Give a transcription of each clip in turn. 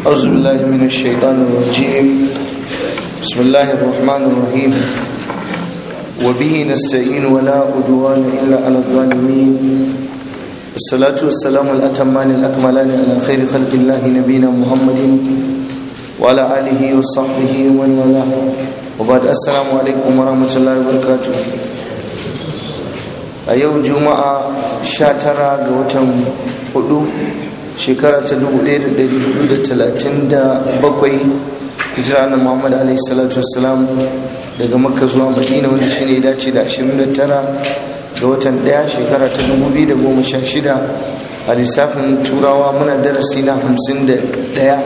أعوذ بالله من الشيطان الرجيم بسم الله الرحمن الرحيم وبه نستعين ولا عدوان إلا على الظالمين الصلاة والسلام الأتمان الأكملان على خير خلق الله نبينا محمد وعلى آله وصحبه ومن والاه وبعد السلام عليكم ورحمة الله وبركاته a yau juma'a 19 ga watan 4 shekara ta 1437 hijira na muhammad alaihi salatu wasalam daga makka zuwa madina wanda shine ya dace da 29 ga watan daya shekara ta 2016 a lissafin turawa muna darasi na 51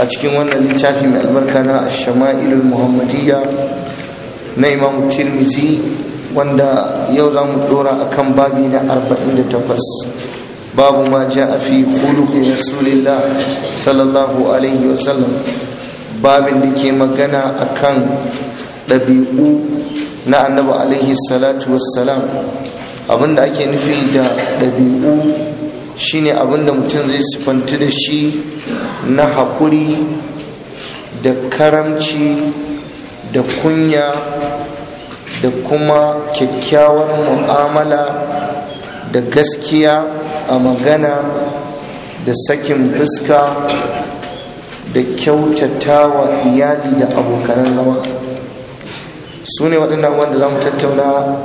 a cikin wannan littafi mai albarka na ashama'ilul muhammadiyya na imam tirmizi wanda yau za mu dora akan babi na 48 babu ما جاء في خلق رسول الله sallallahu alaihi عليه babin da ke magana a kan ɗabi'u na annabi alaihi salatu wassalam abinda ake nufi da ɗabi'u shine abinda mutum zai sifanti da shi na haƙuri da karamci da kunya da kuma kyakkyawar mu'amala da gaskiya a magana da sakin fuska da kyautata wa iyali da abokanan zama su ne waɗannan wanda za mu tattauna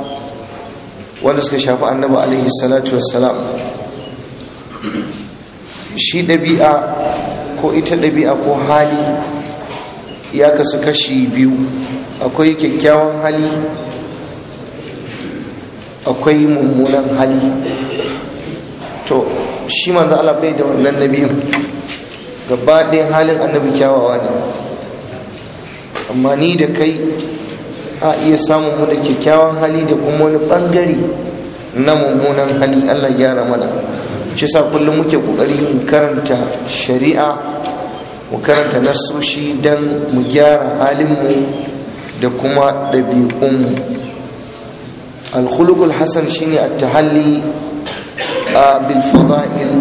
wanda suka shafi annaba alaihi salatu wassalam shi ɗabi'a ko ita ɗabi'a ko hali ya kasu kashi biyu akwai kyakkyawan hali akwai mummunan hali to shi manzo Allah bai da wannan nabiyin gaba ɗaya halin annabi kyawawa ne amma ni da kai a iya samun mu da kyakkyawan hali da kuma wani ɓangare na mummunan hali Allah gyara mana shi sa kullum muke ƙoƙari mu karanta shari'a mu karanta nasoshi don mu gyara halinmu da kuma ɗabi'unmu alkhulukul hasan shine ta tahalli bil fada'il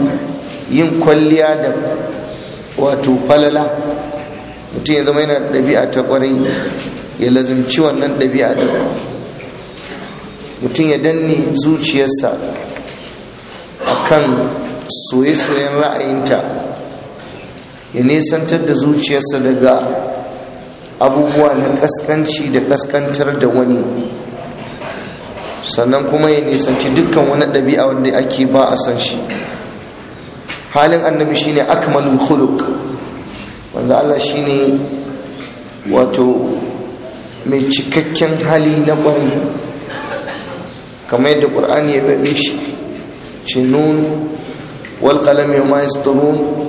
yin kwalliya da wato falala mutum ya zama yana da ɗabi'a ta ƙwarai ya lazimci wannan ɗabi'a da mutum ya danne zuciyarsa kan soye-soyen ra'ayinta ya nesantar da zuciyarsa daga abubuwa na kaskanci da kaskantar da wani sannan kuma ya nisanci dukkan wani ɗabi'a wanda ake ba a san shi halin annabi shine akmalul khuluq wanda Allah shine wato mai cikakken hali na ƙwari kamar yadda ƙur'ani ya babe shi ce nun wal qalam yawma yasturun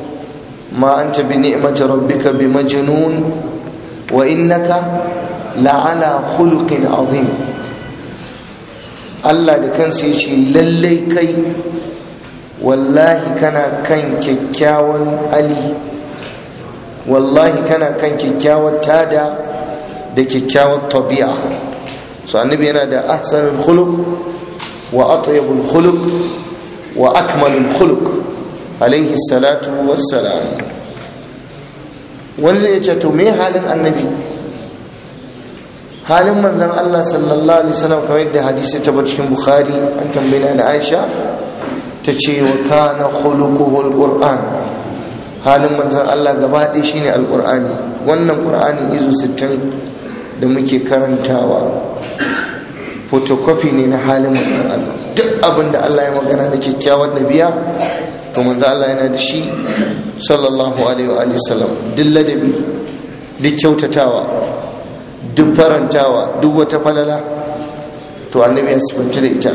ma anta bi ni'mati rabbika bi majnun wa innaka la'ala khuluqin azim Allah da kansa ya ce lallai kai wallahi kana kan kyakkyawan ali wallahi kana kan kyakkyawar tada da kyakkyawar tabi'a so annabi yana da ahsanul khuluq wa atyabul khuluq wa akmalul khuluq salatu wassalam wanda ya ce to me halin annabi halin manzon Allah sallallahu alaihi wasallam kamar yadda hadisi ta cikin bukhari an tambaye da Aisha ta ce wa kana khuluquhu alquran halin manzon Allah gaba ɗaya shine alqurani wannan qur'ani izu 60 da muke karantawa photocopy ne na halin manzon Allah duk abin da Allah ya magana da kyakkyawar nabiya to manzon Allah yana da shi sallallahu alaihi wa sallam duk ladabi duk kyautatawa duk farantawa duk wata falala to annabi ya da ita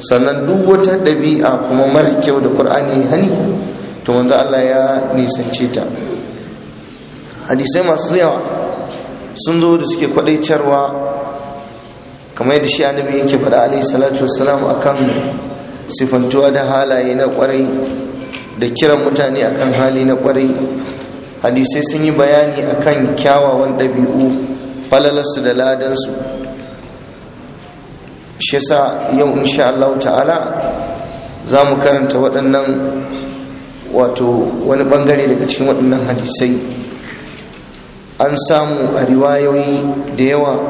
sannan duk wata ɗabi'a kuma mara kyau da ƙur'ani hani to wanzu Allah ya nisance ta hadisai masu yawa sun zo da suke kwadaitarwa kamar yadda shi annabi yake faɗa alaihi salatu wassalam akan sifantuwa da halaye na kwarai da kiran mutane akan hali na kwarai hadisai sun yi bayani akan kyawawan ɗabi'u falalarsu da ladansu shi sa yau insha Allah ta'ala za mu karanta waɗannan wato wani ɓangare daga cikin waɗannan hadisai an samu a riwayoyi da yawa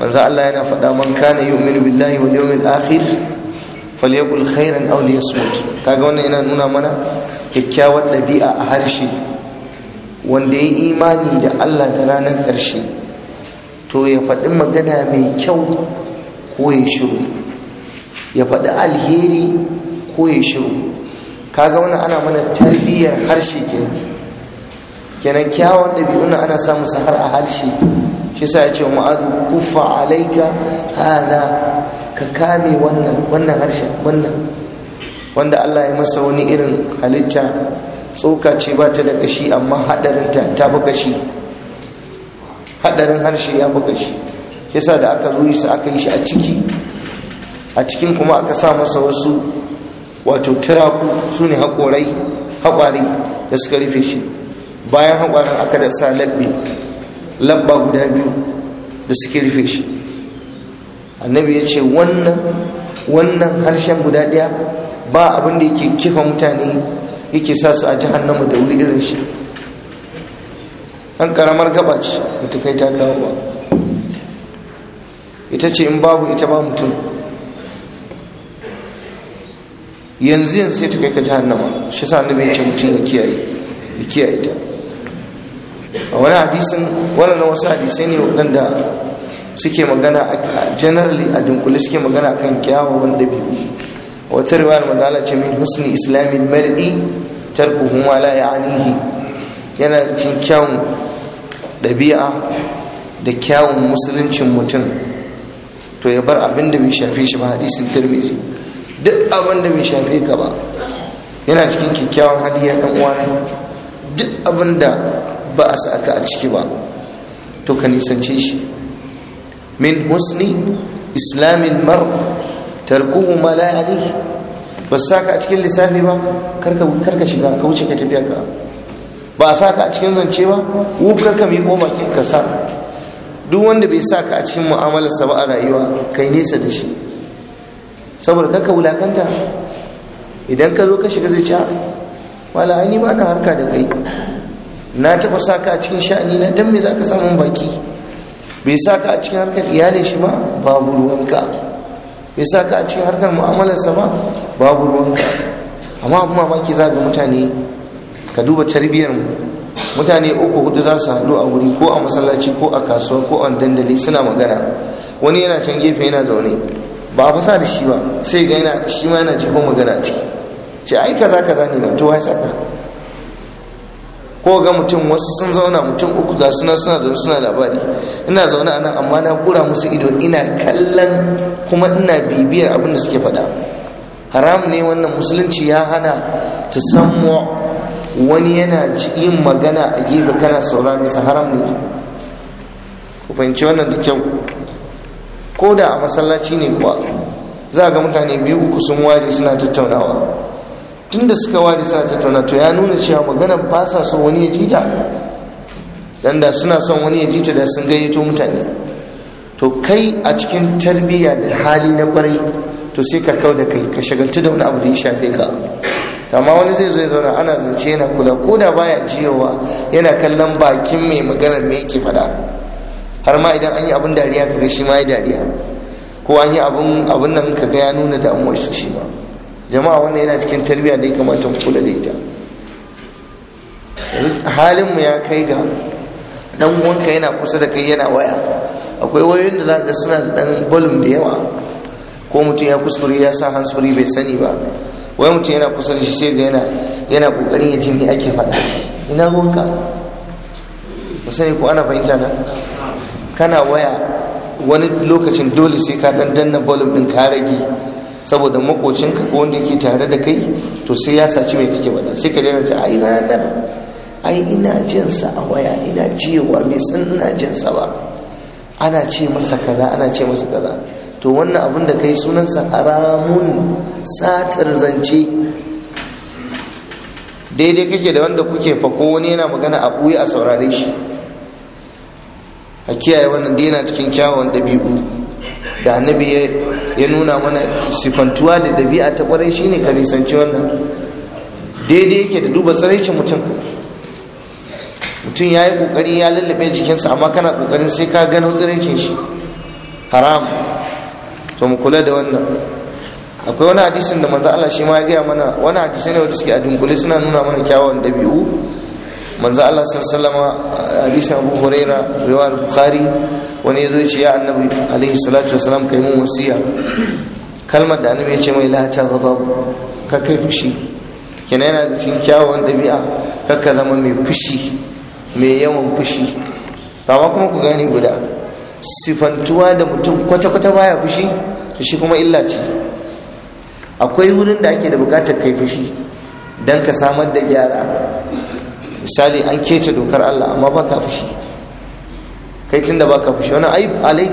wanzu Allah yana faɗa man kana yu'minu billahi wa yawmil akhir falyakul khairan aw liyasmut kaga wannan yana nuna mana kyakkyawar ɗabi'a a harshe wanda ya yi imani da Allah da ranar ƙarshe to ya faɗi magana mai kyau ko ya shiru ya faɗi alheri ko ya shiru kaga wani ana mana tarbiyyar harshe kenan kenan kyawun ɗabi'un nan ana samun su har a harshe shi sa ya ce mu'azu kufa alaika hada ka kame wannan wannan wannan wanda Allah ya masa wani irin halitta tsoka ce ba ta da kashi amma haɗarinta ta fi kashi hadarin harshe ya buga shi yasa da aka zo su aka yi shi a ciki a cikin kuma aka sa masa wasu wato turaku su ne haƙorai haƙwari da suka rufe shi bayan haƙwarin aka da sa labbi labba guda biyu da suke rufe shi annabi ya ce wannan wannan harshen guda ɗaya ba abinda da yake kifa mutane yake sa su a jihannama da wuri irin shi ɗan ƙaramar gaba ce mutu kai ta kawo ba ita ce in babu ita ba mutum yanzu yanzu sai ta kai ka ji jahannama shi sa annabi ce mutum ya kiyaye ya kiyaye ta a wani hadisin wannan wasu hadisai ne waɗanda suke magana a generally a dunkule suke magana a kan kyawawan dabi'u wata riwayar madala ce min husni islamin mar'i tarkuhu huma la ya'nihi yana cikin kyawun ɗabi'a da kyawun musuluncin mutum to ya bar abin da bai shafe shi ba hadisin tirmizi duk abin da bai shafe ka ba yana cikin kyakkyawan hadiya ɗan uwana duk abin da ba a sa ka a ciki ba to ka nisance shi min husni islamin mar tarkuhu ma la ba sa ka a cikin lissafi ba karka shiga ka wuce ka tafiya ka ba a sa ka a cikin zance ba wufka ka miƙo bakin ka sa duk wanda bai sa ka a cikin mu'amalarsa ba a rayuwa kai nesa da shi saboda kaka wulakanta idan ka zo ka shiga zai ah, wala ni ba na harka da kai na taɓa sa ka a cikin sha'ani na dan me za ka samu baki bai sa ka a cikin harkar iyalin shi ba babu ruwanka bai sa ka a cikin harkar mu'amalarsa ba babu ruwanka amma abu mamaki za ga mutane ka duba tarbiyyar mutane uku hudu za su haɗu a wuri ko a masallaci ko a kasuwa ko a dandali suna magana wani yana can gefe yana zaune ba a fasa da shi ba sai ga yana shi ma yana jefa magana ciki ce ai kaza kaza ne ba to wai saka ko ga mutum wasu sun zauna mutum uku ga suna suna zaune suna labari ina zaune a nan amma na kura musu ido ina kallon kuma ina bibiyar abin da suke faɗa haram ne wannan musulunci ya hana ta samu wani yana yin magana a gefe kana sauraron nisa haram ne ku fahimci wannan da kyau ko da a masallaci ne kuwa za ga mutane biyu uku sun ware suna tattaunawa tunda suka ware suna tattauna to ya nuna cewa magana ba sa son wani ya jita dan da suna son wani ya jita da sun gayyato mutane to kai a cikin tarbiyya da hali na kwarai to sai ka kau da kai ka shagalci da wani abu da ya shafe ka amma wani zai zo ya zauna ana zance yana kula ko da baya jiyowa yana kallon bakin mai maganar me yake faɗa har ma idan an yi abin dariya kaga shi ma ya dariya ko an yi abin abin nan kaga ya nuna damuwar shi shi ma jama'a wannan yana cikin tarbiyya da ya kamata mu kula da ita halin mu ya kai ga dan uwanka yana kusa da kai yana waya akwai wayoyin da zaka suna da dan volume da yawa ko mutum ya kuskure ya sa hands bai sani ba wai mutum yana kusa da shi sai ga yana yana kokarin ya ji me ake faɗa ina gonka ba sani ko ana fahimta nan kana waya wani lokacin dole sai ka dan danna volume din ka rage saboda makocinka ko wanda yake tare da kai to sai ya saci mai kake faɗa sai ka daina ta ai nan. ai ina jin sa a waya ina jiyewa me san ina jin sa ba ana ce masa kaza ana ce masa kaza to wannan abin da kai sunansa haramun satar zance daidai kake da wanda kuke fako wani yana magana a ɓuya a saurare shi a kiyaye wannan yana cikin kyawun ɗabi'u da annabi ya nuna mana sifantuwa da ɗabi'a ta ƙwarai ne ka nisanci wannan daidai yake da duba tsaraicin mutum mutum ya yi ƙoƙari ya lallabe jikinsa amma kana ƙoƙarin sai ka gano tsaraicin shi haram to mu kula da wannan akwai wani hadisin da manzo Allah shi ma ya mana wani hadisi ne wanda suke a dunkule suna nuna mana kyawawan dabi'u manzo Allah sallallahu alaihi hadisin Abu Huraira riwayar Bukhari wani yazo ya ce ya annabi alaihi salatu wasalam kai mun wasiya kalmar da annabi ya ce mai la ta ghadab ka kai fushi kenan yana da cikin kyawawan dabi'a kakka zama mai fushi mai yawan fushi amma kuma ku gani guda sifantuwa da mutum kwata-kwata baya fushi to shi kuma illa ce akwai wurin da ake da bukatar kai fushi don ka samar da gyara misali an keta dokar Allah amma ba ka fushi kai tun da ba ka fushi wani ayyub alai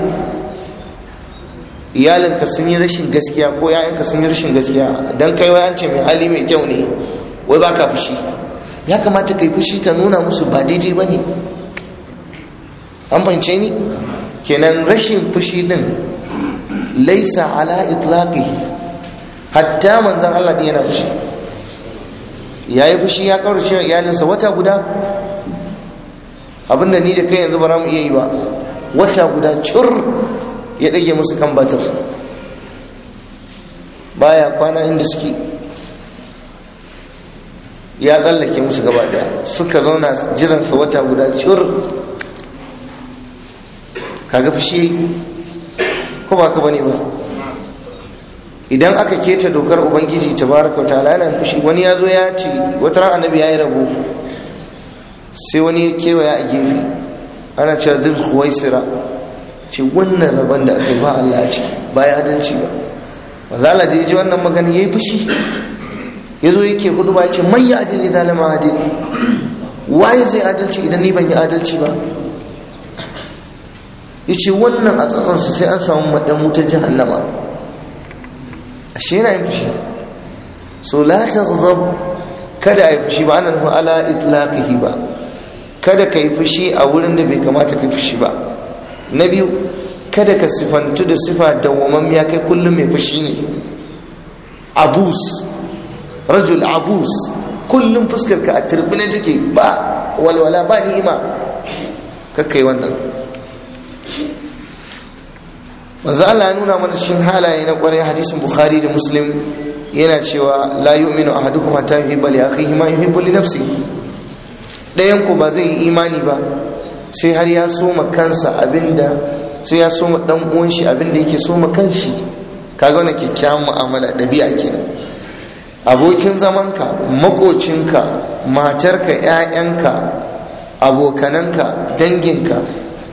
iyalinka sun yi rashin gaskiya ko ya'yanka sun yi rashin gaskiya don kai wai an ce mai hali mai kyau ne wai ba ka fushi ya kamata kai fushi ka nuna musu ba daidai ba ne an fahimce ni kenan rashin fushi din laisa ala itlaqihi hatta manzon Allah din yana fushi yayi fushi ya shi iyalinsa wata guda abinda ni da kai yanzu ba mu iya yi ba wata guda cur ya dage musu kan batir baya kwana inda suke ya tsallake musu gaba daya suka zauna jiransa wata guda cur kaga fushi yayi ko ba ka bane ba idan aka keta dokar ubangiji tabaraka wa ta'ala yana fushi wani ya zo ya ci wata ran annabi ya yi rabo sai wani ya kewaya a gefe ana cewa zai kuwaisira ce wannan rabon da aka yi ba Allah a ciki ba ya adalci ba wazala da ya ji wannan magana ya yi fushi ya zo ya ke hudu ba ya ce mai ya adili zalama adili waye zai adalci idan ni ban yi adalci ba ya ce wannan a tsatsansa sai an samu maɗan wutar a ashe yana yin fushi so la ta kada a yi fushi ba ana nufin ala itlaqihi ba kada ka yi fushi a wurin da bai kamata ka yi fushi ba na biyu kada ka sifantu da sifa ya kai kullum mai fushi ne abus rajul abus kullum fuskar ka a turbine take ba walwala ba ni'ima kakkai wannan manzo Allah ya nuna mana cikin halaye na kwarai hadisin bukhari da muslim yana cewa la yu'minu ahadukum hatta yuhibba li akhihi ma yuhibbu li nafsihi dayan ku ba zai yi imani ba sai har ya soma kansa abinda sai ya soma dan uwan shi abinda yake soma kanshi kaga wannan kyakkyawan mu'amala dabi'a kenan abokin zamanka makocinka matarka 'ya'yanka abokananka danginka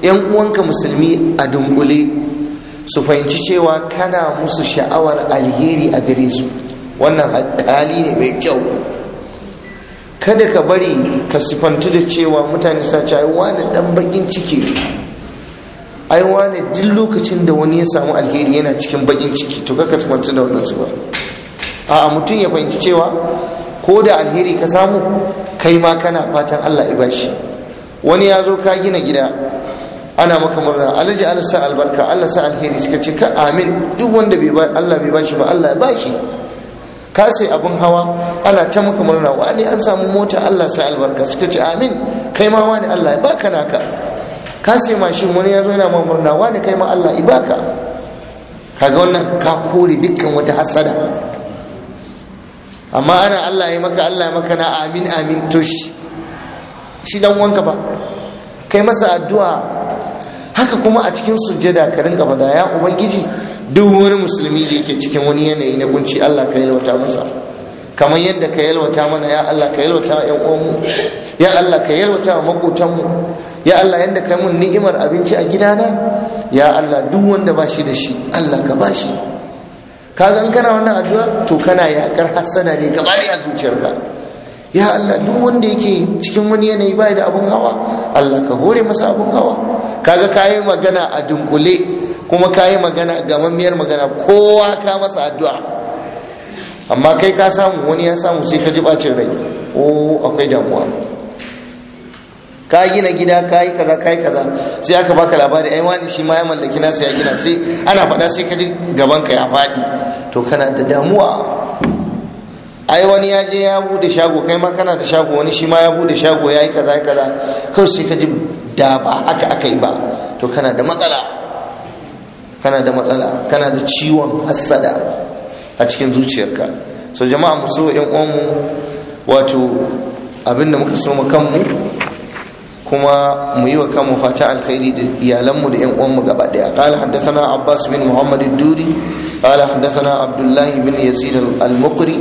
yan uwanka musulmi a dunkule su fahimci cewa kana musu sha'awar alheri a gare su wannan hali ne mai kyau kada ka bari ka sifantu da cewa mutane sa ci aiwa da dan bakin ciki aiwa ne duk lokacin da wani ya samu alheri yana cikin bakin ciki to kaka sifantu da wannan zubar a'a mutum ya fahimci cewa ko da alheri ka samu kai ma kana fatan Allah ya bashi wani ya zo ka gina gida ana maka murna alhaji Allah sa albarka Allah sa alheri suka ce ka amin duk wanda ba Allah bai bashi ba Allah ya bashi ka sai abun hawa ana ta maka murna wani an samu mota Allah sa albarka suka ce amin kai ma wani Allah ya baka naka ka sai mashin wani ya zo yana ma murna wani kai ma Allah ya baka kaga wannan ka kore dukkan wata hasada amma ana Allah ya maka Allah ya maka na amin amin to shi dan wanka ba kai masa addu'a haka kuma a cikin sujjada ka rinka fada ya ubangiji duk wani musulmi da yake cikin wani yanayi na kunci Allah ka yalwata masa kamar yadda ka yalwata mana ya Allah ka yalwata wa ƴan uwanmu ya Allah ka yalwata wa makotanmu ya Allah yadda ka mun ni'imar abinci a gidana ya Allah duk wanda ba shi da shi Allah ka ba shi kaga in kana wannan addu'a to kana yakar hasada ne gaba a zuciyarka ya Allah duk wanda yake cikin wani yanayi bai da abun hawa Allah ka hore masa abun hawa kaga kayi magana a dunkule kuma kayi magana ga mamiyar magana kowa ka masa addu'a amma kai ka samu wani ya samu sai ka ji bacin rai o oh, akwai damuwa ka gina gida ka yi kaza ka yi kaza sai aka baka labari ai wani shi ma ya mallaki nasa ya gina sai ana faɗa sai ka ji gaban ka ya faɗi to kana da damuwa ai wani ya je ya bude shago kai ma kana da shago wani shi ma ya bude shago ya yi kaza kaza kar sai ka ji da ba aka aka yi ba to kana da matsala kana da matsala kana da ciwon hassada a cikin zuciyarka so jama'a mu so yan mu wato abinda muka so mu kanmu kuma mu yi wa kanmu fata alkhairi da iyalanmu da yan mu gaba daya qala haddathana abbas bin muhammad ad-duri qala haddathana Abdullahi bin yazid al-muqri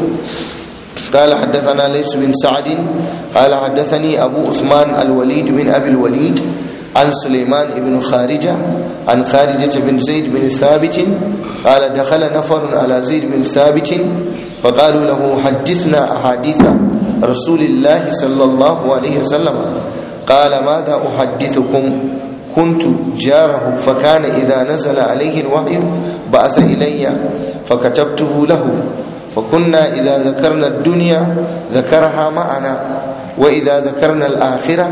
قال حدثنا ليس بن سعد قال حدثني أبو عثمان الوليد بن أبي الوليد عن سليمان بن خارجة عن خارجة بن زيد بن ثابت قال دخل نفر على زيد بن ثابت فقالوا له حدثنا أحاديث رسول الله صلى الله عليه وسلم قال ماذا أحدثكم كنت جاره فكان إذا نزل عليه الوحي بعث إلي فكتبته له فكنا إذا ذكرنا الدنيا ذكرها معنا وإذا ذكرنا الآخرة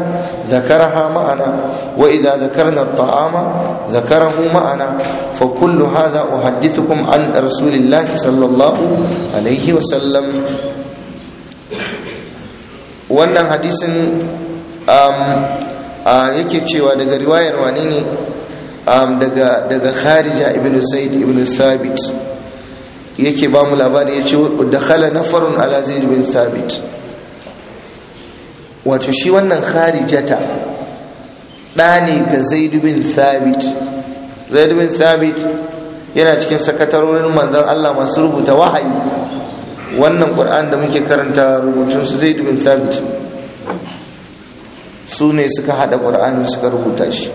ذكرها معنا وإذا ذكرنا الطعام ذكره معنا فكل هذا أحدثكم عن رسول الله صلى الله عليه وسلم wannan hadisin yake cewa daga riwayar wane ne daga kharija ibn zaid ibn sabit yake ba mu labari ya ce dakhala nafarun ala zaid bin sabit wato shi wannan kharijata ɗa ne ga zaid bin sabit zaid bin sabit yana cikin sakatarorin manzon Allah masu rubuta wahayi wannan qur'an da muke karanta rubutun su zaid bin sabit su ne suka hada qur'ani suka rubuta shi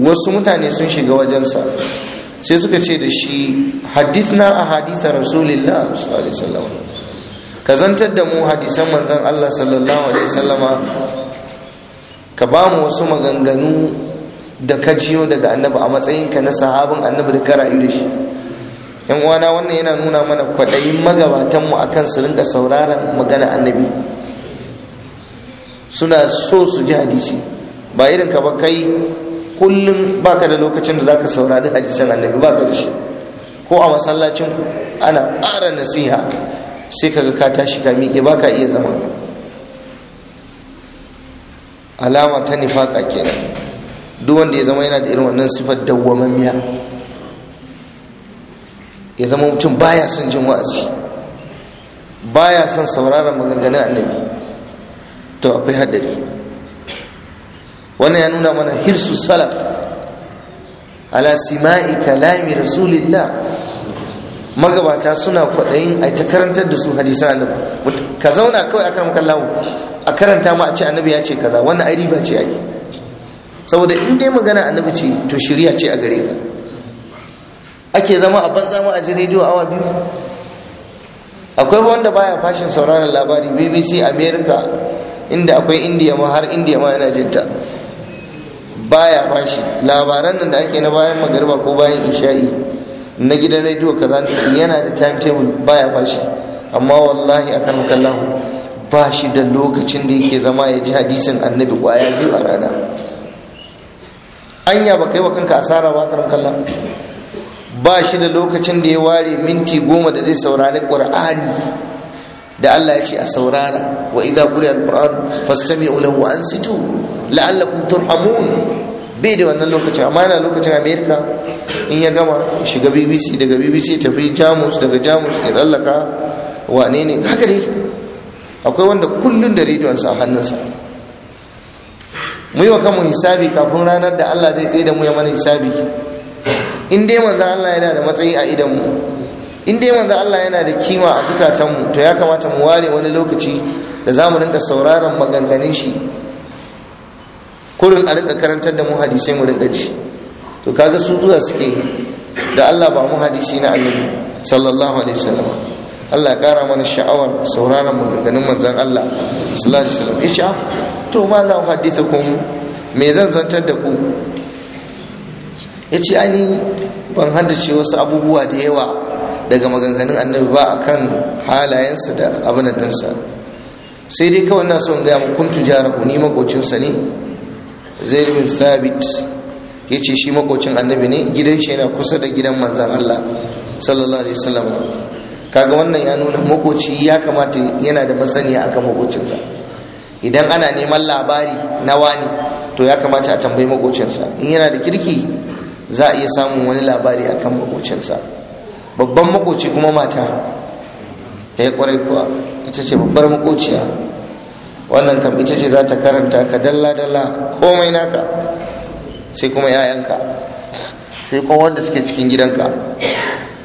wasu mutane sun shiga wajensa sai suka ce da shi hadisna a hadisa rasulillah sallallahu alaihi wasallam ka zantar da mu hadisan manzon Allah sallallahu alaihi wasallam ka ba mu wasu maganganu da ka jiyo daga annabi a matsayinka na sahabin annabi da ka rayu da shi yan uwana wannan yana nuna mana kwaɗayin magabatan mu akan su rinka sauraron magana annabi suna so su ji hadisi ba irin ka ba kai kullum baka da lokacin da zaka saurari hadisan annabi baka da shi ko a masallacin ana ƙara nasiha sai kaga ka tashi ka miƙe baka iya zama alama ta nifaka kenan duk wanda ya zama yana da irin wannan sifar dawwamammiya ya zama mutum baya son jin wa'azi baya son sauraron maganganun annabi to akwai haddari wannan ya nuna mana hirsu salaf ala sima'i kalami rasulillah magabata suna kwaɗayin a ta karantar da su hadisan annabi ka zauna kawai akan lamu. a karanta ma a ce annabi ya ce kaza wannan ai riba ce ake saboda in dai magana annabi ce to shirya ce a gare ka ake zama a banza ma a ji rediyo awa biyu akwai wanda baya fashin sauraron labari bbc america inda akwai indiya ma har indiya ma yana jinta baya fashi labaran nan da ake na bayan magariba ko bayan isha'i na gidan radio kaza yana da table baya fashi amma wallahi akan kallahu ba shi da lokacin da yake zama ya ji hadisin annabi kwaya biyu a rana anya ba kai wa kanka asara ba karan kallon ba shi da lokacin da ya ware minti goma da zai saurari qur'ani da Allah ya ce a saurara wa idza quriya al-qur'an fastami'u lahu wa ansitu la'allakum turhamun bai da wannan lokacin amma yana lokacin america in ya gama shiga bbc daga bbc tafi jamus daga jamus ya tsallaka wane ne haka dai akwai wanda kullum da rediyonsa a hannunsa mu yi wa kanmu hisabi kafin ranar da allah zai tsaye da mu ya mana hisabi in dai manzo allah yana da matsayi a idan mu in dai manzo allah yana da kima a zukatanmu to ya kamata mu ware wani lokaci da za mu rinka sauraron maganganun shi kurin a rika karantar da mu hadisai mu rika ji to kaga su zuwa suke da Allah ba mu hadisi na annabi sallallahu alaihi wasallam Allah ya kara mana sha'awar sauraron maganganun manzon Allah sallallahu alaihi wasallam isha ah, to ma za hadithukum me zan zantar da ku yace ani ban haddace wasu abubuwa da yawa daga maganganun annabi ba akan halayensa da abin dinsa sai dai kawai na so in gaya mu kun tujara ni makocinsa ne zaid bin sabit ya ce shi makocin annabi ne gidan shi yana kusa da gidan manzan allah sallallahu alaihi wasallam kaga wannan ya nuna makoci ya kamata yana da masaniya akan makocinsa idan ana neman labari na wani to ya kamata a tambayi makocinsa in yana da kirki za a iya samun wani labari akan makocinsa babban makoci kuma mata ya eh, kwarai kuwa ita ce babbar makociya wannan kam ita ce za ta karanta ka dalla dalla komai naka sai kuma 'ya'yanka sai kuma wanda suke cikin gidanka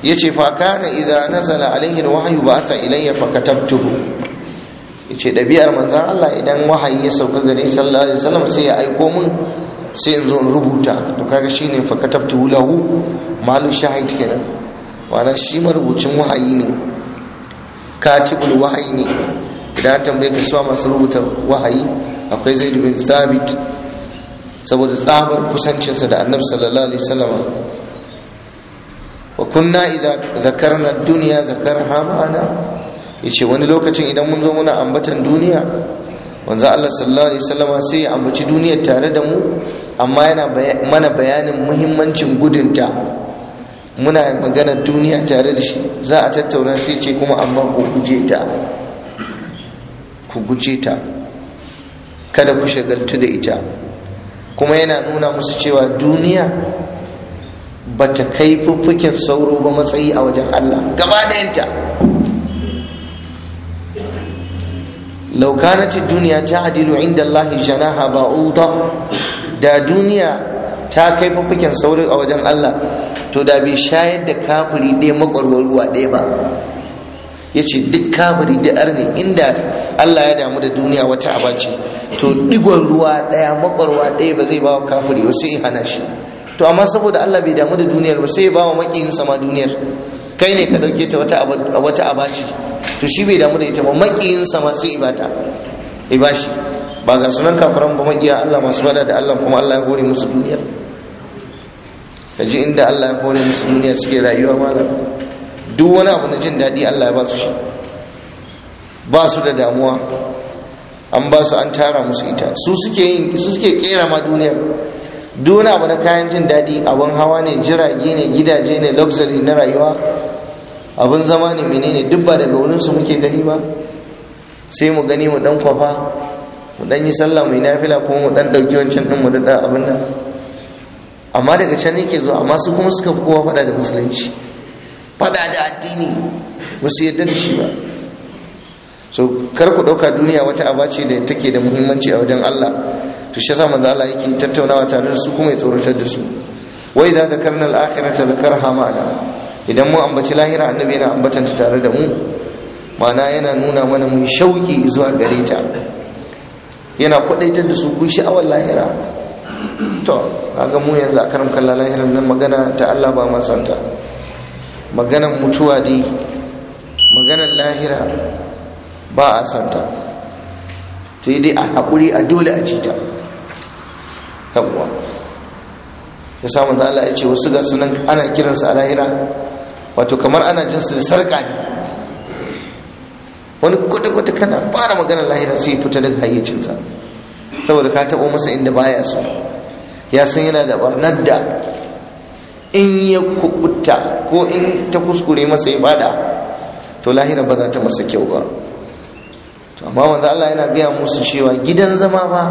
ya ce fa kana idza nazala alaihi alwahyu sa ilayya fa katabtuhu ya ce ɗabi'ar manzan Allah idan wahayi ya sauka gare sallallahu alaihi wasallam sai ya aiko mun sai in zo in rubuta to kaga shine fa katabtuhu lahu malu shahid kenan ma'ana shi marubucin wahayi ne katibul wahayi ne da an tambaye ka suwa masu rubuta wahayi akwai zaid bin sabit saboda tsabar kusancinsa da annabi sallallahu alaihi wasallam wa kunna idza zakarna dunya zakarha ma'ana yace wani lokacin idan mun zo muna ambatan duniya wanzu Allah sallallahu alaihi wasallam sai ya ambaci duniyar tare da mu amma yana mana bayanin muhimmancin gudunta muna maganar duniya tare da shi za a tattauna sai ce kuma amma ku guje ta ku guje ta kada ku shagaltu da ita kuma yana nuna musu cewa duniya ba ta kai fuffuken sauro ba matsayi a wajen Allah gaba ɗayanta lau duniya ta adilu inda Allah janaha ba'uda da duniya ta kai fuffuken sauro a wajen Allah to da bai shayar da kafiri ɗaya makwarwar ruwa ɗaya ba ya ce duk kabari da arni inda allah ya damu da duniya wata abaci to digon ruwa daya makwarwa daya ba zai ba wa kafiri ba sai hana shi to amma saboda allah bai damu da duniyar ba sai ba wa makiyinsa ma duniyar kai ne ka dauke ta wata abaci to shi bai damu da ita ba makiyinsa ma sai ibata ibashi ba ga sunan kafiran ba makiya allah masu bada da allah kuma allah ya kore musu duniyar ji inda allah ya kore musu duniya suke rayuwa malam duk wani abu na jin daɗi Allah ya ba su shi ba su da damuwa an ba su an tara musu ita su suke yin su suke kera ma duniyar duk wani abu na kayan jin daɗi abin hawa ne jirage ne gidaje ne luxury na rayuwa abin zama ne menene duk ba daga wurin su muke gani ba sai mu gani mu dan kwafa mu dan yi sallah mu yi nafila kuma mu dan dauki wancan din mu dan abin nan amma daga can yake zuwa amma su kuma suka fi kowa faɗa da musulunci Faɗa da addini ba su yarda da shi ba so kar ku ɗauka duniya wata aba ce da take da muhimmanci a wajen Allah to shi yasa manzo Allah yake tattaunawa tare da su kuma ya tsoratar da su wa idza dhakarna al-akhirata dhakarha ma'ana idan mu ambaci lahira annabi yana ta tare da mu ma'ana yana nuna mana mu shauki zuwa gare ta yana kwadaitar da su kun sha'awar lahira to kaga mu yanzu a karam kallon lahirar nan magana ta Allah ba ma santa maganan mutuwa dai maganan lahira ba a santa yi dai a haƙuri a dole a cita ya samun da Allah ya ce wasu gasu nan ana kiransu a lahira wato kamar ana jin su da sarƙa ne wani kwata-kwata kana fara maganar lahira sai fita daga hayyacinsa saboda ka taɓo masa inda baya so ya san yana da barnar da in ya kubuta ko in ta kuskure masa ya bada to lahira ba za ta masa kyau ba to amma wanda Allah yana gaya musu cewa gidan zama ba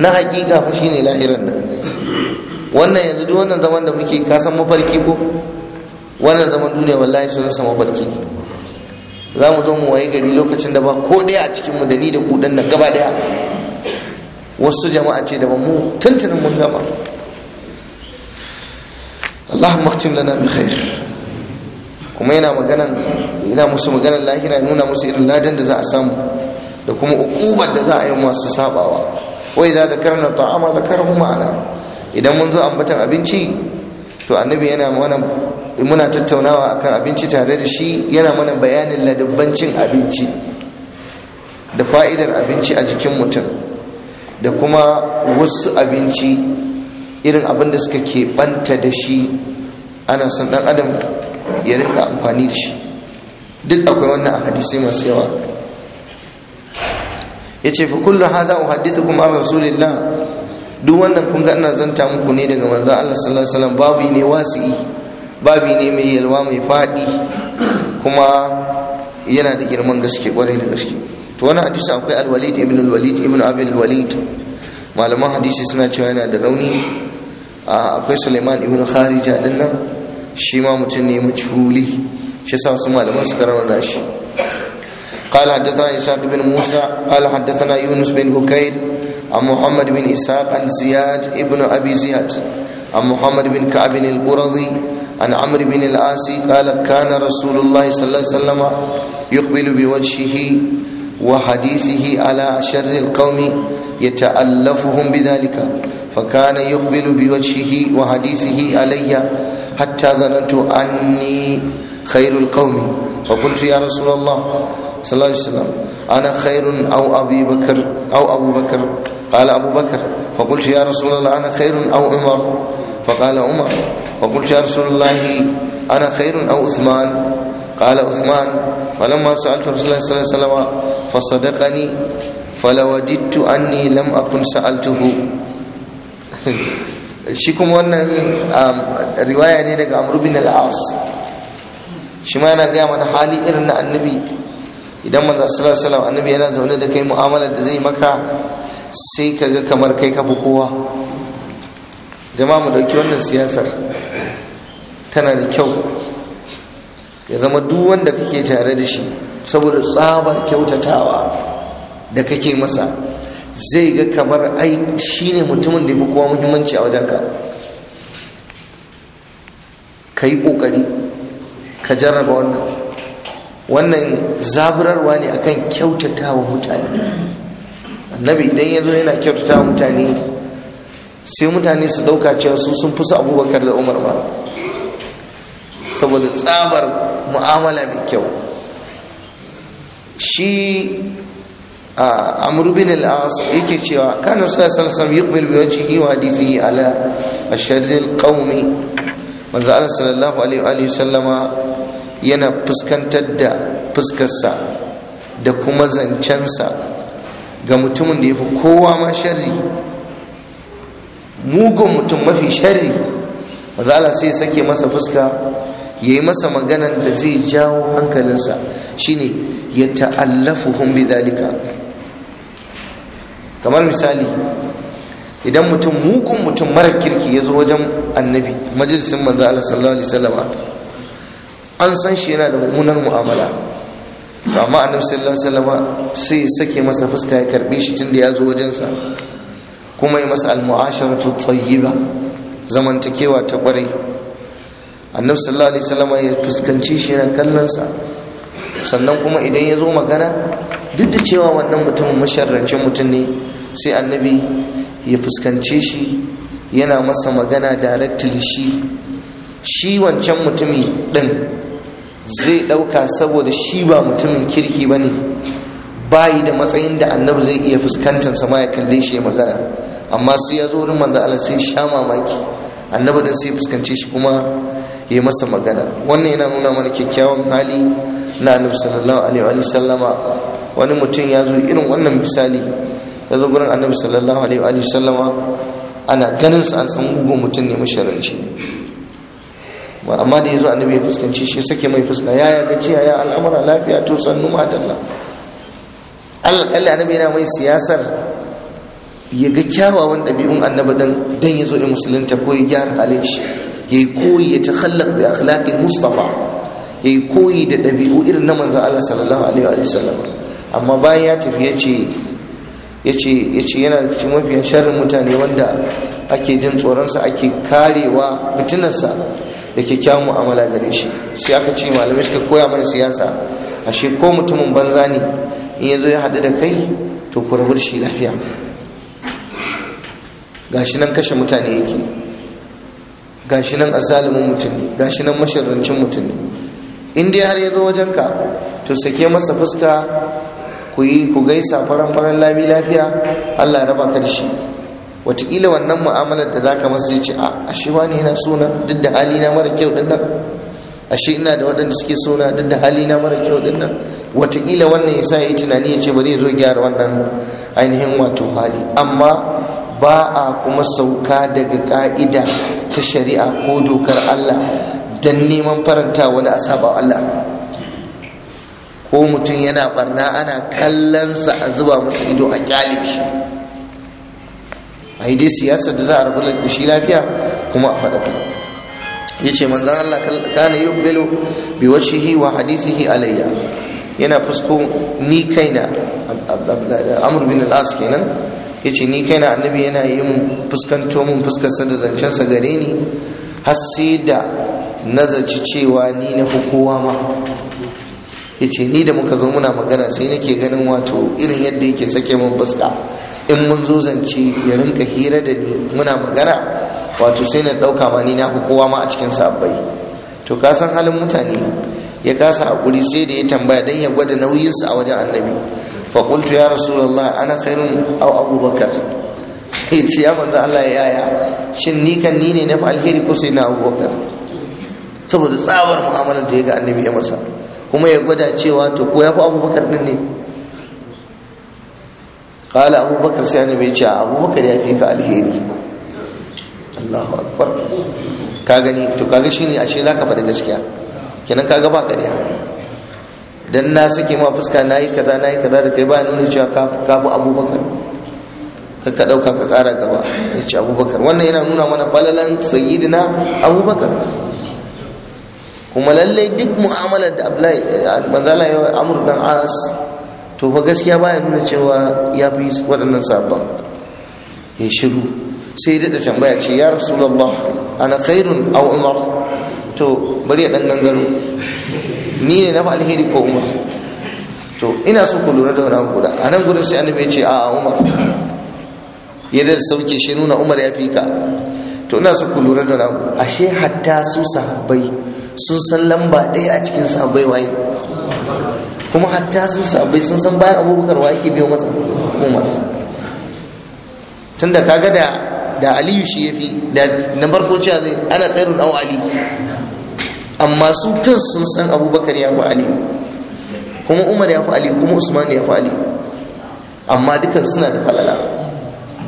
na hakika fa shine lahiran nan wannan yanzu duk wannan zaman da muke ka san mafarki ko wannan zaman duniya wallahi sun san mafarki za mu zo mu waye gari lokacin da ba ko daya a cikin mu da ni da ku dan nan gaba daya wasu jama'a ce da mu tuntunin mun gama Allahumma khtim lana bi khair kuma yana magana yana musu magana lahira nuna musu irin ladan da za a samu da kuma ukubar da za a yi masu sabawa wai za da karna ta'ama da karhu ma'ana idan mun zo ambatan abinci to annabi yana mana muna tattaunawa akan abinci tare da shi yana mana bayanin ladabbancin abinci da fa'idar abinci a jikin mutum da kuma wasu abinci irin abin da suka ke banta da shi ana son ɗan adam ya rinka amfani da shi duk akwai wannan a hadisai masu yawa ya ce fi kullum hada u hadisu kuma an rasulillah duk wannan kun ga ina zanta muku ne daga manzo Allah sallallahu alaihi wasallam babu ne wasi'i babu ne mai yalwa mai fadi. kuma yana da girman gaske kwarai da gaske to wani hadisi akwai alwalid ibn alwalid ibn abi alwalid malaman hadisi suna cewa yana da rauni akwai suleiman ibn kharija din nan shi ma mutum ne majhuli shi sa su malaman suka rawana shi قال حدثنا إسحاق بن موسى قال حدثنا يونس بن بكير عن محمد بن إسحاق عن زياد ابن أبي زياد عن محمد بن كعب القرظي عن عمرو بن العاصي قال كان رسول الله صلى الله عليه وسلم يقبل بوجهه وحديثه على شر القوم يتألفهم بذلك فكان يقبل بوجهه وحديثه علي حتى ظننت أني خير القوم فقلت يا رسول الله صلى الله عليه وسلم أنا خير أو أبي بكر أو أبو بكر قال أبو بكر فقلت يا رسول الله أنا خير أو عمر فقال عمر فقلت يا رسول الله أنا خير أو عثمان قال عثمان فلما سألت رسول الله صلى الله عليه وسلم فصدقني فلوددت أني لم أكن سألته shi kuma wannan um, riwaya ne daga amurbi bin shi ma yana gaya mana hali irin na annabi idan manzo sallallahu alaihi annabi yana zaune da kai mu'amala da zai maka sai ka ga kamar kai ka fi kowa jama'a mu dauki wannan siyasar tana da kyau ya zama duk wanda kake tare da shi saboda tsabar kyautatawa da kake masa zai ga kamar ai shi ne mutumin da fi kowa muhimmanci a wajenka ka yi ƙoƙari ka jarraba wannan wannan zaburarwa ne akan kyautata wa mutane annabi idan ya zo yana kyautata wa mutane sai mutane su ɗauka cewa su sun fi abubakar da umar ba saboda tsabar mu'amala mai kyau shi Amurbin bin al yake cewa kana ya alaihi wasallam yuqbil bi wajhihi wa hadithihi ala a shirin qaum manzo ala sallallahu alaihi wa sallama yana fuskantar da fuskarsa da kuma zancensa ga mutumin da ya fi kowa ma shari mugun mutum mafi shari manzo ala sai ya sake masa fuska ya yi masa maganan da zai jawo hankalinsa shine ya ta'allafu bi dalika? kamar misali idan mutum mugun mutum mara kirki ya zo wajen annabi majalisin manzo Allah sallallahu alaihi wasallam an san shi yana da mummunar mu'amala to amma annabi sallallahu alaihi wasallam sai ya sake masa fuska ya karbe shi tunda ya zo wajen sa kuma ya masa al-mu'asharatu tayyiba zamantakewa ta kwarai annabi sallallahu alaihi wasallam ya fuskanci shi yana kallon sa sannan kuma idan ya zo magana duk da cewa wannan mutum masharrancin mutum ne sai annabi ya fuskance shi yana masa magana directly shi shi wancan mutumi ɗin zai ɗauka saboda shi ba mutumin kirki ba ne bayi da matsayin da annabi zai iya fuskantar sama ya kalle shi magana amma sai ya zo wurin manzo Allah sai sha mamaki annabi din sai fuskance shi kuma ya masa magana wannan yana nuna mana kyakkyawan hali na annabi sallallahu alaihi wa sallama wani mutum ya zo irin wannan misali ya zo gurin annabi sallallahu alaihi wa sallama ana ganin sa an san mugun mutum ne musharanci ne amma da yazo annabi ya fuskanci shi sake mai fuska ya ya gaci ya al'amura lafiya to sannu da Allah kalle annabi yana mai siyasar ya ga kyawawan ɗabi'un annabi dan dan ya zo ya musulunta ko ya gyara halin shi ya yi koyi ya takhallaq bi akhlaqi mustafa ya yi koyi da ɗabi'u irin na manzo Allah sallallahu alaihi wa sallam amma bayan ya tafi ya ce ya ce yana da cikin mafiyan sharrin mutane wanda ake jin tsoronsa ake karewa fitinarsa da kyakkyawan mu'amala gare shi sai aka ce malamai suka koya mana siyasa ashe ko mutumin banza ne in ya zo ya haɗu da kai to ku shi lafiya gashi nan kashe mutane yake gashi nan azalimin mutum ne gashi nan mashirrancin mutum ne in dai har ya zo wajenka to sake masa fuska ku ku gaisa faran faran lami lafiya Allah ya raba ka da shi wataƙila wannan mu'amalar da zaka masa zai ce a ashe wani yana suna duk da hali na mara kyau din ashe ina da waɗanda suke suna duk da hali na mara kyau din nan wataƙila wannan yasa ya yi tunani ya ce ba zai zo gyara wannan ainihin wato hali amma ba a kuma sauka daga ka'ida ta shari'a ko dokar Allah dan neman faranta wani asaba Allah ko mutum yana barna ana kallonsa a zuba musu ido a kyale shi a yi dai siyasa da za a rabu da shi lafiya kuma a faɗaka ya ce manzan Allah kana yi belo bi wacihi wa hi alayya yana fusko ni kaina amur bin al'as kenan ya ce ni kaina annabi yana yi mun fuskanto mun fuskarsa da zancensa gare ni har sai da nazarci cewa ni na fi kowa ma ya ce ni da muka zo muna magana sai nake ganin wato irin yadda yake sake mun fuska in mun zo zance ya rinka hira da ni muna magana wato sai na ɗauka ma ni na fi kowa ma a cikin sabbai to ka san halin mutane ya kasa hakuri sai da ya tambaya dan ya gwada nauyinsa a wajen annabi fa qultu ya rasulullah ana khairun aw abubakar sai ce ya manzo Allah ya yaya shin ni kan ni ne na fi alheri ko sai na abubakar saboda tsabar mu'amalar da ya ga annabi ya masa kuma ya gwada cewa to ko ya fi abubakar din ne kala abubakar sai annabi ce abubakar ya fi ka alheri allahu akbar ka gani to kaga shine ashe za ka faɗi gaskiya kenan kaga ba ƙarya dan na sake ma fuska na yi kaza na yi kaza da kai ba nuna cewa ka fi abubakar ka ɗauka ka ƙara gaba ya ce abubakar wannan yana nuna mana falalan sayyidina abubakar kuma lallai duk mu'amalar da Abdullahi eh, manzala ya Amr dan As to fa gaskiya baya nuna cewa ya fi waɗannan sabon ya shiru sai daɗa tambaya ce ya rasulullah ana khairun aw umar to bari ya ɗan gangaro ni ne na fi alheri ko umar to ina so ku lura da wani abu guda a nan gudun sai annabi ya ce a umar yadda sauke shi nuna umar ya fi ka to ina so ku lura da wani abu ashe hatta su sahabbai sun san lamba ɗaya a cikin sabai waye kuma hatta su sabai sun san bayan abubakar wa yake biyo masa umar tunda kaga da da aliyu shi yafi da na farko cewa zai ana khairun au ali amma su kan sun san abubakar ya fi Ali. kuma umar ya fi Ali, kuma usman ya fi Ali. amma dukan suna da falala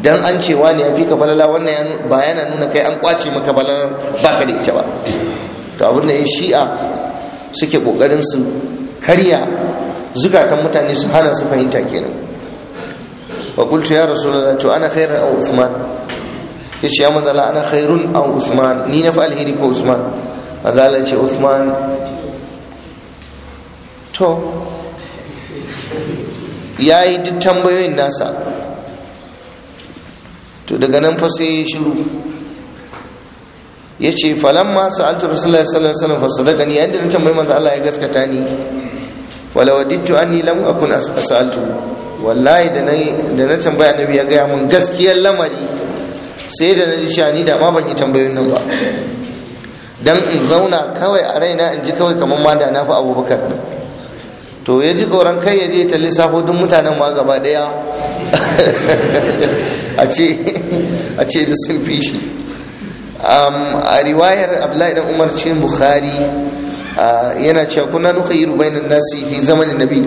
dan an cewa ne ya fi ka falala wannan ba yana nuna kai an kwace maka falalar baka da ita ba to abin da ya shi'a suke kokarin su karya zukatan mutane su hana su fahimta kenan wa qultu ya rasulullah to ana khairun aw usman ya yace ya manzo ana khairun aw usman ni na fa alheri ko usman manzo Allah usman to yayi duk tambayoyin nasa to daga nan fa sai shiru ya ce falon masu sa'altu rasulullah sallallahu alaihi wasallam fasadaqani yadda na tambayi manzo Allah ya gaskata ni wala wadittu anni lam akun sa'altu wallahi da nayi da na tambaya annabi ya gaya mun gaskiyar lamari sai da na ji ni da ma ban yi tambayoyin nan ba dan in zauna kawai a raina in ji kawai kamar ma da na fi abubakar to ya ji tsoron kai ya je ta lissafo duk mutanen ma gaba daya a ce da sun fi shi Um, a riwayar abdullahi dan umar ce bukhari uh, yana cewa kuna nuka yi rubainan nasi fi zamanin nabi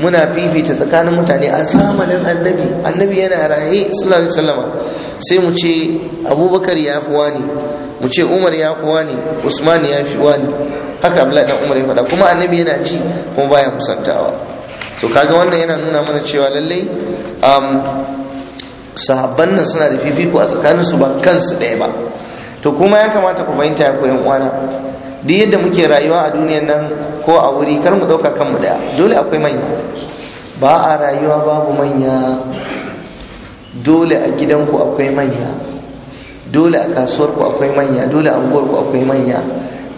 muna fifita tsakanin mutane a zamanin annabi annabi yana raye sallallahu alaihi sai mu ce abubakar ya fi wani mu ce umar ya fi wani usman ya fi wani haka abdullahi dan umar ya faɗa kuma annabi yana ci kuma baya musantawa to kaga wannan yana nuna mana cewa lallai um, sahabban nan suna da fifiko a tsakanin su ba kansu ɗaya ba to kuma ya kamata ku fahimta ya koyan uwana duk yadda muke rayuwa a duniyan nan ko a wuri kar mu ɗauka kanmu ɗaya dole akwai manya ba a rayuwa babu manya dole a gidanku akwai manya dole a kasuwarku akwai manya dole a unguwarku akwai manya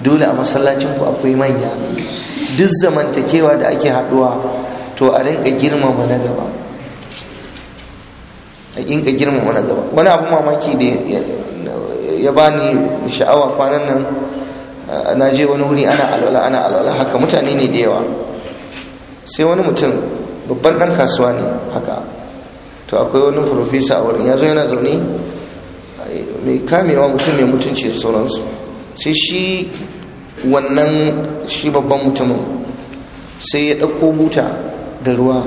dole a masallacinku akwai manya duk zamantakewa da ake haɗuwa to a rinka girmama na gaba a kinka girmama wani gaba wani abu mamaki da ya bani sha'awa kwanan nan na je wani wuri ana alwala ana alwala haka mutane ne da yawa sai wani mutum babban dan kasuwa ne haka to akwai wani profesa a wurin ya zo yana zaune mai kamewa mutum mai mutunci da sauransu sai shi wannan shi babban mutumin sai ya ɗauko buta da ruwa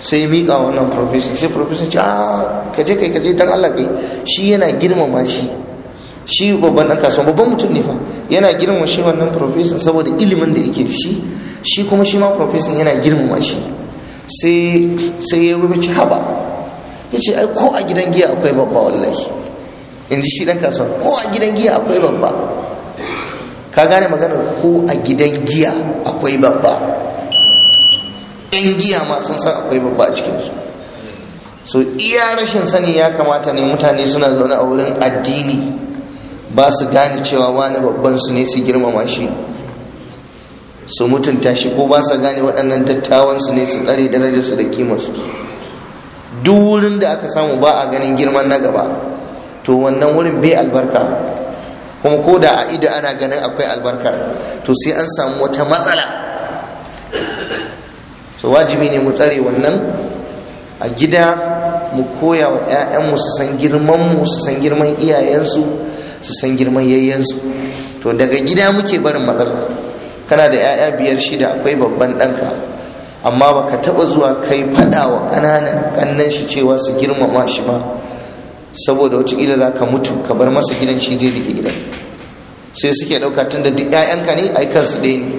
sai miƙa wannan profesa. sai profesa ce a ah, kaje kai kaje dan Allah kai shi yana girmama shi shi babban dan kasuwa babban mutum ne fa yana girmama shi wannan profesa. saboda ilimin da yake da shi shi kuma shi ma profesa yana girmama shi sai sai ya rubuci haba ce ai ko a gidan giya akwai babba wallahi in ji shi dan kasuwa ko a gidan giya akwai babba ka gane maganar ko a gidan giya akwai babba yan giya ma sun san akwai babba a cikinsu so iya rashin sani ya kamata ne mutane suna zaune a wurin addini ba su gane cewa wani babban su ne su girmama shi su mutunta shi ko ba su gane waɗannan dattawan su ne su tsare darajarsu da kimarsu duk wurin da aka samu ba a ganin girman na gaba to wannan wurin bai albarka kuma ko da a ido ana ganin akwai albarkar to sai an samu wata matsala so wajibi ne mu tsare wannan a gida mu koya wa 'ya'yanmu su san girman mu su san girman iyayensu su san girman yayyensu to daga gida muke barin matsala kana da 'ya'ya biyar shida akwai babban ɗanka amma baka taɓa zuwa kai faɗa wa ƙananan ƙannan shi cewa su girmama shi ba saboda wataƙila za ka mutu ka bar masa gidan shi zai rike gidan sai suke ɗauka tun da duk 'ya'yanka ne ai kansu ɗaya ne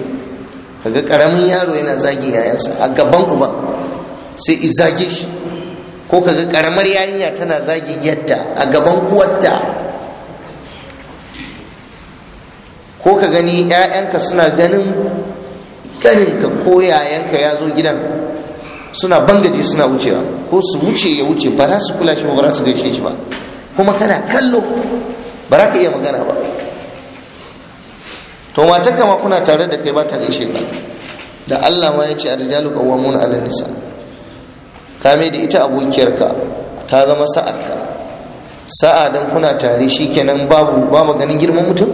kaga karamin yaro yana zagi yayansa a gaban uba sai i zage shi ko kaga karamar yarinya tana zagi yadda a gaban uwarta ko ka gani ƴaƴanka suna ganin ƙaninka ko yayanka ya zo gidan suna bangaje suna wucewa ko su wuce ya wuce ba za su kula shi ba ba za su gaishe shi ba kuma kana kallo ba za ka iya magana ba to matar kama kuna tare da kai ba ta gaishe ka da Allah ma yace ce arjalu qawwamun ala nisa ka mai da ita abokiyarka ta zama sa'arka sa'a dan kuna tare shikenan babu ba mu ganin girman mutum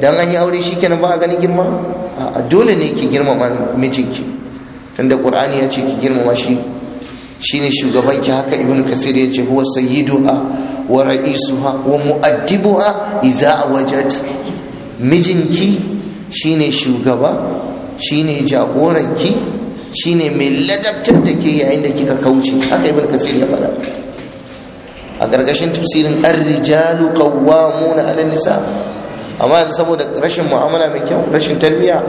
dan an yi aure shikenan ba a ganin girma a dole ne ki girmama mijinki tunda qur'ani ya ce ki girmama shi shine ki haka ibnu kasir ya ce huwa sayyidu wa ra'isuha wa mu'addibuha idza awajat mijinki shine shugaba shine jagoranki shine mai ladabtar da ke yayin da kika kauce haka ibn kasir ya faɗa a gargashin tafsirin ar-rijalu qawwamuna 'ala nisa amma yanzu saboda rashin mu'amala mai kyau rashin tarbiyya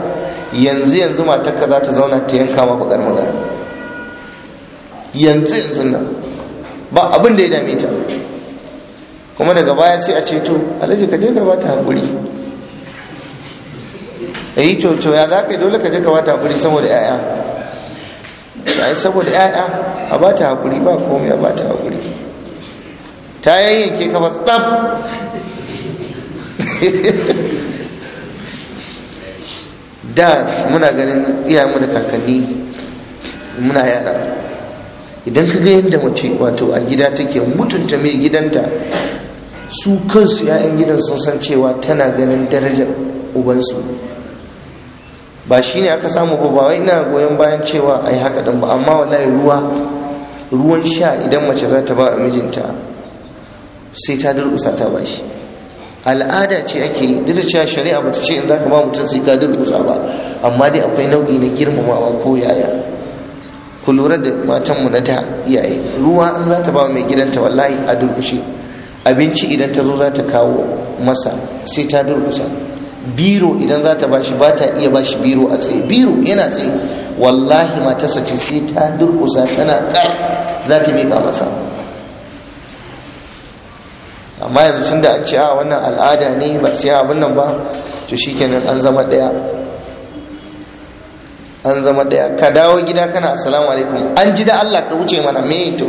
yanzu yanzu matarka za ta zauna ta yanka ma bakar magana yanzu yanzu nan ba abin da ya dame ta kuma daga baya sai a ce to alhaji ka je ka ba ta hankuri yi eh, coco ya za ka yi dole ka je ka bata hakuri saboda 'ya'ya ai saboda 'ya'ya a bata hakuri ba komai a bata hakuri ta yayyanke ka ba tsab da muna ganin mu da kakanni muna yara idan ka ga yadda mace wato a gida take mutunta mai gidanta su kansu 'ya'yan gidan sun san cewa tana ganin darajar ubansu ba shine aka samu ba wai ina goyon bayan cewa ai haka ɗan ba amma wallahi ruwa ruwan sha idan mace za ta ba mijinta sai ta durƙusa ta ba shi al'ada ce ake yi duk da cewa shari'a bata ce in za ka ba mutum sai ka durƙusa ba amma dai akwai nau'i na girmamawa ko yaya ku lura da matan mu na da iyaye ruwa in za ta ba mai gidanta wallahi a durƙushe abinci idan ta zo za ta kawo masa sai ta durƙusa biro idan za ta bashi ba ta iya bashi biro a tsaye biro yana tsaye wallahi matarsa ce sai ta durkusa tana kar za ta miƙa masa amma yanzu tun da an ce a wannan al'ada ne ba sai abin nan ba to shikenan an zama ɗaya an zama ɗaya ka dawo gida kana assalamu alaikum an ji da Allah ka wuce mana me to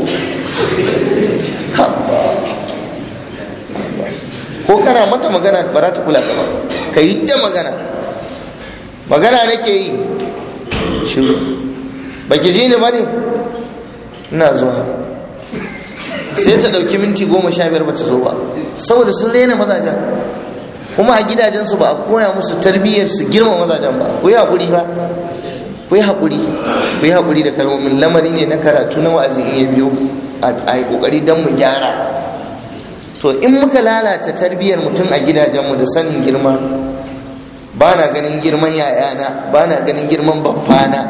ko kana mata magana ba za kula ka ba ka yi da magana magana nake yi shiru ba ki ji ni ba ne ina zuwa sai ta ɗauki minti goma sha biyar ba ta zo ba saboda sun rena mazajen kuma a gidajensu ba a koya musu tarbiyyar su girma mazajen ba ku yi haƙuri ba ku yi haƙuri ku yi haƙuri da kalmomin lamari ne na karatu na wa'azi in ya biyo a yi ƙoƙari don mu gyara to in muka lalata tarbiyyar mutum a gidajenmu da sanin girma ba na ganin girman yayana ba na ganin girman babbana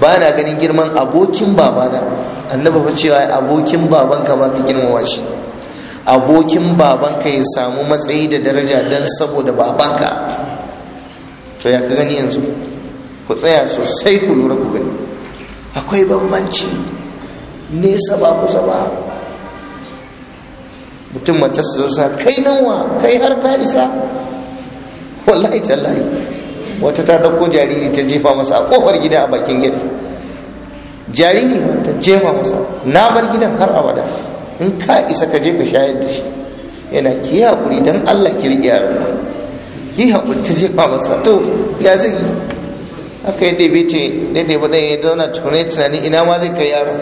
ba na ganin girman abokin babana annaba fa cewa abokin babanka ba ka girmama shi abokin babanka ya samu matsayi da daraja don saboda babanka to ya ka gani yanzu ku tsaya sosai ku lura ku gani akwai bambanci nesa ba kusa ba mutum matarsa zo sa kai nan wa kai har ka isa wallahi tallahi wata ta dauko jariri ta jefa masa a kofar gida a bakin gate jariri ta jefa masa na bar gidan har abada in ka isa ka je ka shayar da shi yana ki yi haƙuri don allah ki riƙe yaran ka ki haƙuri ta jefa masa to ya zai yi aka yi ɗebe ce daidai ba ɗaya ya zauna cikin tunani ina ma zai kai yaron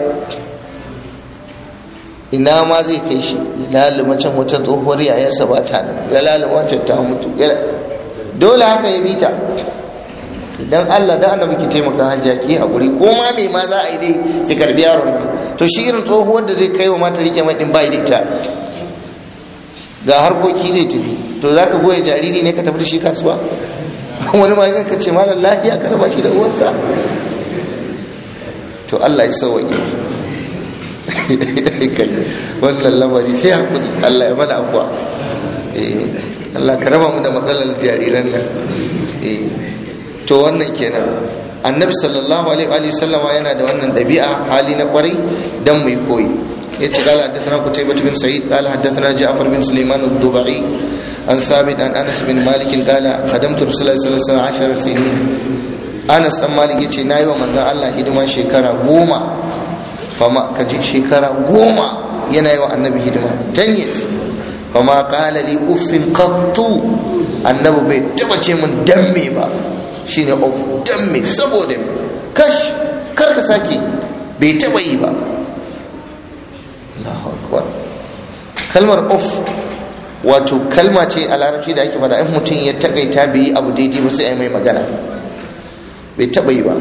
ina ma zai kai shi ya lalima can wata tsohuwar yayarsa ba ta nan ya lalima wancan ta mutu dole haka ya bita don Allah dan annabi ki taimaka hajiya a guri ko ma me ma za a yi dai ki karbi yaron nan to shi irin tsohuwar da zai kai wa mata rike mai din bai da ita ga harkoki zai tafi to za ka goya jariri ne ka tafi da shi kasuwa wani ma ka ce malam lafiya ka raba shi da uwarsa to Allah ya sauwaƙe wannan lamari sai hakuri Allah ya mana afuwa eh. Allah ka raba mu da matsalar jariran nan eh, to wannan kenan annabi sallallahu alaihi wa sallama yana da wannan ɗabi'a hali na kwarai dan mai koyi yace qala hadathana qutaybah bin sa'id qala hadathana ja'far bin sulaiman ad-dubai an sabit an anas bin malik qala khadamtu rasulullahi sallallahu alaihi wasallam 10 sinin anas dan malik yace nayi wa manzon Allah hidima shekara goma fama kaji shekara goma yana yi wa annabi hidima 10 years fa ma li uffin kattu annabu bai taba ce mun damme ba shine of damme saboda kash kar ka sake bai taba yi ba kalmar of wato kalma ce a larabci da ake fada in mutum ya takaita bai yi abu daidai ba sai ai mai magana bai taba yi ba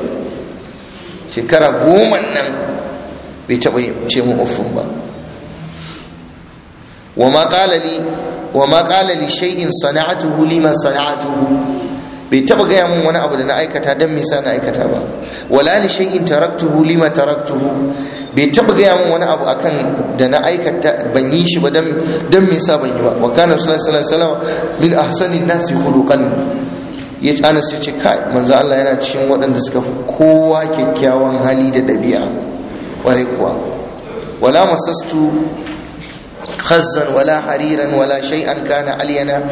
shekara goma nan bai taba ce mu ofin ba وما قال لي وما قال لي شيء صنعته لمن صنعته bai taba gaya min wani abu da na aikata don me sa na aikata ba wala li shay'in taraktuhu lima taraktuhu bai taba gaya min wani abu akan da na aikata ban yi shi ba don me sa ban yi ba wa kana sallallahu alaihi wasallam min ahsani nasi khuluqan ya ana sai ce kai manzo Allah yana cikin waɗanda suka fi kowa kyakkyawan hali da ɗabi'a ƙwarai kuwa wala masastu خزا ولا حريرا ولا شيئا كان علينا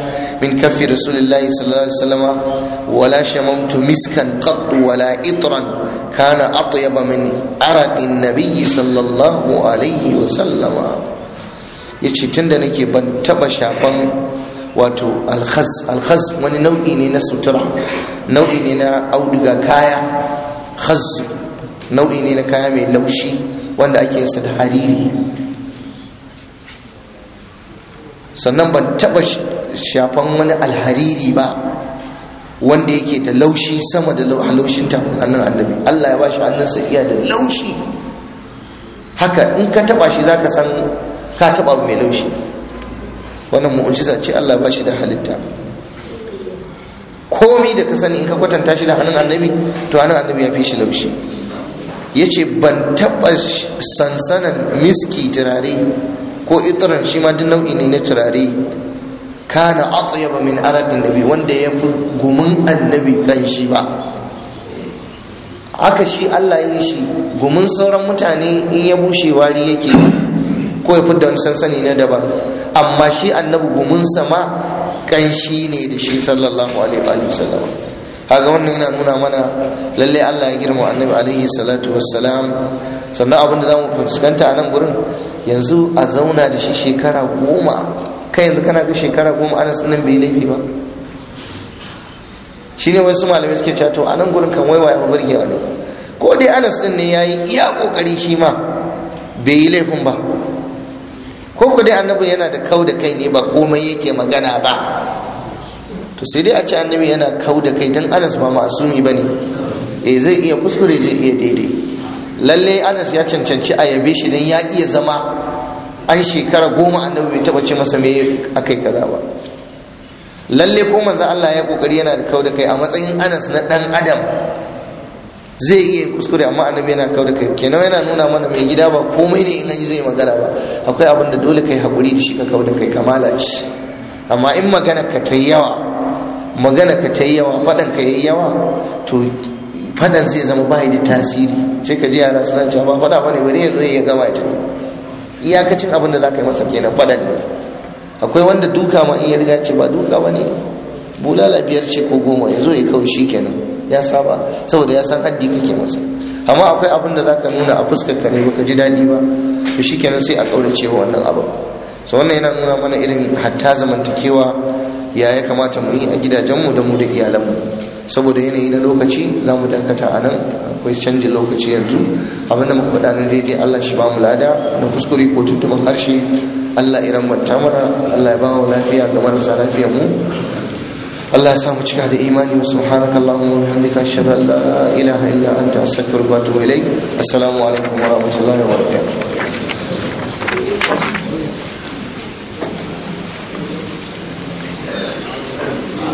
من كف رسول الله صلى الله عليه وسلم ولا شممت مسكا قط ولا إطرا كان أطيب من عرق النبي صلى الله عليه وسلم yace tunda nake ban shafan wato alkhaz alkhaz wani nau'i ne na sutura nau'i ne na auduga kaya khaz nau'i ne na kaya mai laushi wanda ake yinsa da hariri sannan ban taba shafan wani alhariri ba wanda yake da laushi sama da laushin tafin hannun annabi Allah ya ba shi hannunsa iya da laushi haka in ka taba shi za ka san ka taba mai laushi wannan mu'ujiza ce Allah ba shi da halitta komi da ka sani in ka kwatanta shi da hannun annabi to hannun annabi ya fi shi laushi yace ban taba sansanan miski turare ko itar shi ma duk nau'i ne na turare kana atyaba min da nabi wanda ya fi gumin annabi kan shi ba haka shi Allah yi shi gumin sauran mutane in ya bushe wari yake ko ya fudda wani sansani na daban amma shi annabi gumin sama kanshi ne da shi sallallahu alaihi wa sallam haka wannan yana nuna mana lalle Allah ya girma annabi alaihi salatu wassalam sannan abin da zamu fuskanta a nan gurin yanzu a zauna da shi shekara goma kai yanzu kana ga shekara goma ana sunan bai laifi ba shi ne wasu malamai suke cewa to a nan gurin kan waiwa ya burgewa ne ko dai anas din ne ya yi iya kokari shi ma bai yi laifin ba ko ku dai annabi yana da kau da kai ne ba komai yake magana ba to sai dai a ce annabi yana kau da kai don anas ba masumi ba ne eh zai iya kuskure zai iya daidai lalle anas ya cancanci a yabe shi don ya iya zama an shekara goma annabi bai taba ce masa me akai kaza ba lalle ko manzo Allah ya kokari yana da kau da kai a matsayin Anas na dan adam zai iya kuskure amma annabi yana kau da kai kenan yana nuna mana mai gida ba komai ne in an zai magana ba akwai abin da dole kai hakuri da shi ka kau da kai kamala ce amma in magana ka ta yawa magana ka ta yawa fadan ka yayi yawa to fadan zai zama bai da tasiri sai ka ji yara suna cewa ba fada bane bari ya zo ya gama ta iyakacin abin da za ka yi masa kenan faɗan ne akwai wanda duka ma in ya riga ce ba duka ba ne bulala biyar ce ko goma ya zo ya kawo shi kenan ya saba saboda ya san haddi kake masa amma akwai abin da za ka nuna a fuskar ka ne baka ji daɗi ba to shi kenan sai a ƙaurace wa wannan abin so wannan yana nuna mana irin hatta zamantakewa ya ya kamata mu yi a gidajenmu da mu da iyalanmu saboda yanayi na lokaci za mu dakata a nan akwai canjin lokaci yanzu abinda muka faɗa na daidai Allah shi ba mu lada na kuskure ko tuntuban harshe Allah iran mata mana Allah ya ba mu lafiya ga marasa lafiyar mu Allah ya samu cika da imani wa subhanaka Allahumma wa bihamdika ashhadu an la ilaha illa anta astaghfiruka wa atubu ilaik assalamu alaikum wa rahmatullahi wa barakatuh